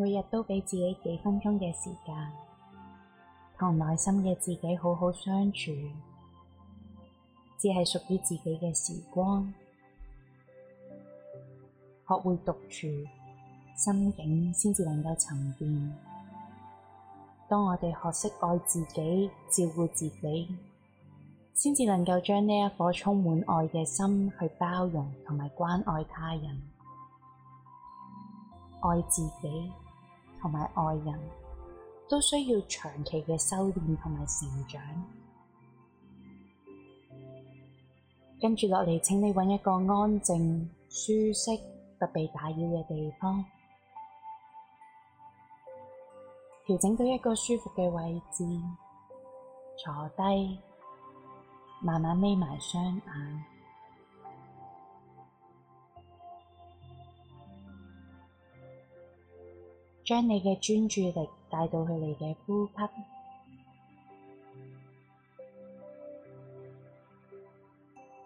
每日都俾自己幾分鐘嘅時間，同內心嘅自己好好相處，只係屬於自己嘅時光。學會獨處，心境先至能夠沉澱。當我哋學識愛自己、照顧自己，先至能夠將呢一顆充滿愛嘅心去包容同埋關愛他人，愛自己。同埋愛人，都需要長期嘅修煉同埋成長。跟住落嚟，請你搵一個安靜、舒適、不被打擾嘅地方，調整到一個舒服嘅位置，坐低，慢慢眯埋雙眼。將你嘅專注力帶到去你嘅呼吸，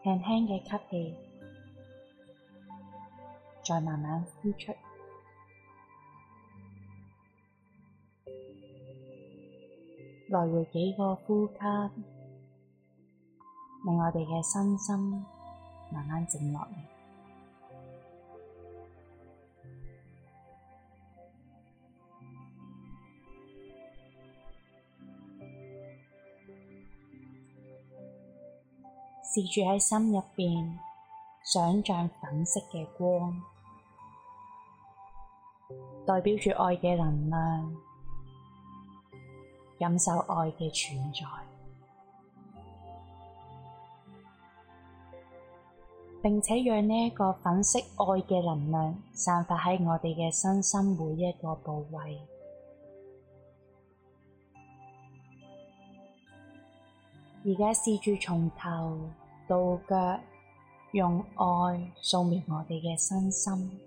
輕輕嘅吸氣，再慢慢呼出，來回幾個呼吸，令我哋嘅身心慢慢靜落嚟。試住喺心入邊想象粉色嘅光，代表住愛嘅能量，感受愛嘅存在，並且讓呢一個粉色愛嘅能量散發喺我哋嘅身心每一個部位。而家試住從頭。到腳，用愛掃描我哋嘅身心，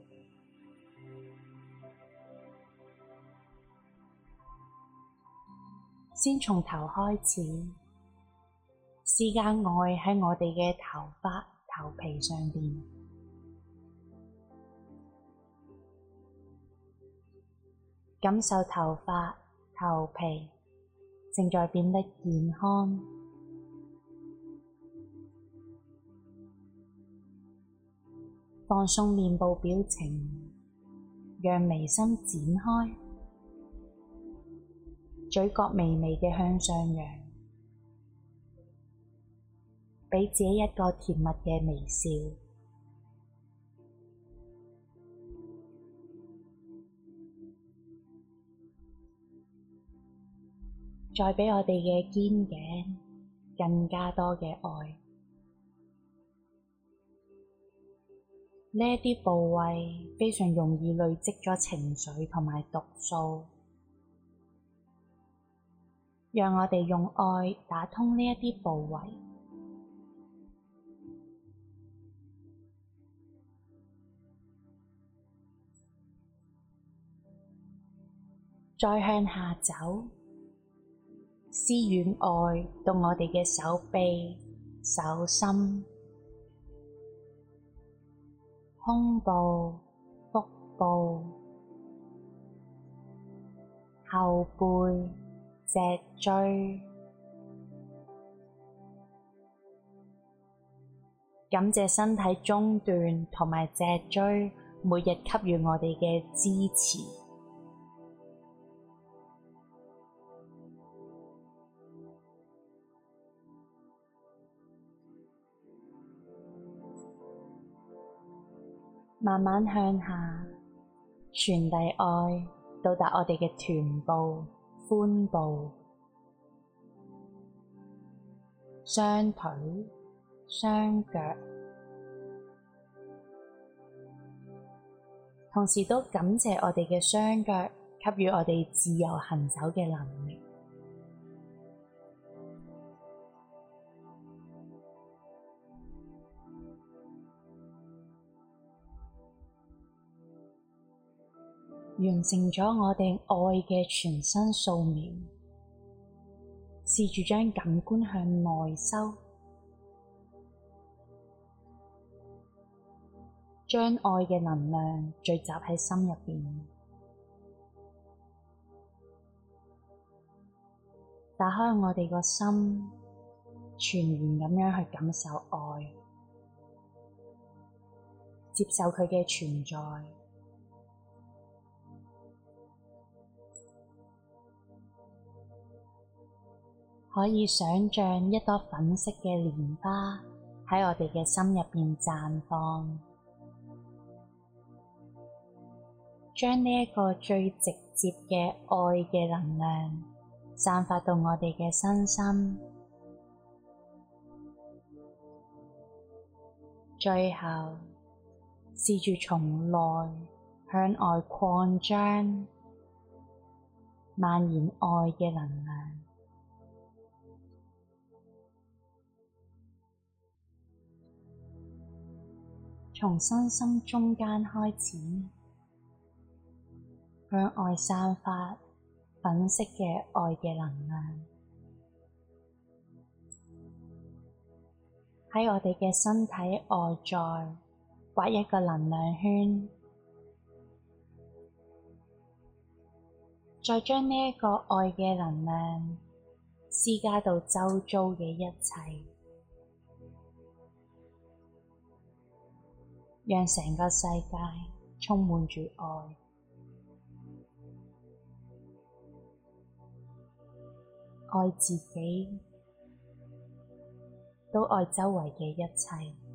先從頭開始，施加愛喺我哋嘅頭髮頭皮上邊，感受頭髮頭皮正在變得健康。放鬆面部表情，讓眉心展開，嘴角微微嘅向上揚，畀自己一個甜蜜嘅微笑，再畀我哋嘅肩頸更加多嘅愛。呢一啲部位非常容易累積咗情緒同埋毒素，讓我哋用愛打通呢一啲部位，再向下走，施遠愛到我哋嘅手臂、手心。胸部、腹部、後背、脊椎，感謝身體中段同埋脊椎每日給予我哋嘅支持。慢慢向下傳遞愛，到達我哋嘅臀部、髖部、雙腿、雙腳，同時都感謝我哋嘅雙腳給予我哋自由行走嘅能力。完成咗我哋愛嘅全身掃描，試住將感官向內收，將愛嘅能量聚集喺心入邊，打開我哋個心，全然咁樣去感受愛，接受佢嘅存在。可以想象一朵粉色嘅蓮花喺我哋嘅心入邊綻放，將呢一個最直接嘅愛嘅能量散發到我哋嘅身心，最後試住從內向外擴張，蔓延愛嘅能量。從身心中間開始，向外散發粉色嘅愛嘅能量，喺我哋嘅身體外在畫一個能量圈，再將呢一個愛嘅能量施加到周遭嘅一切。讓成個世界充滿住愛，愛自己，都愛周圍嘅一切。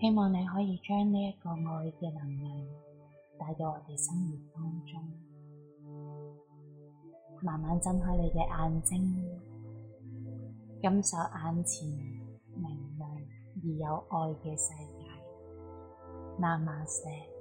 希望你可以將呢一個愛嘅能量帶到我哋生活當中，慢慢睜開你嘅眼睛，感受眼前明亮而有愛嘅世界，慢慢醒。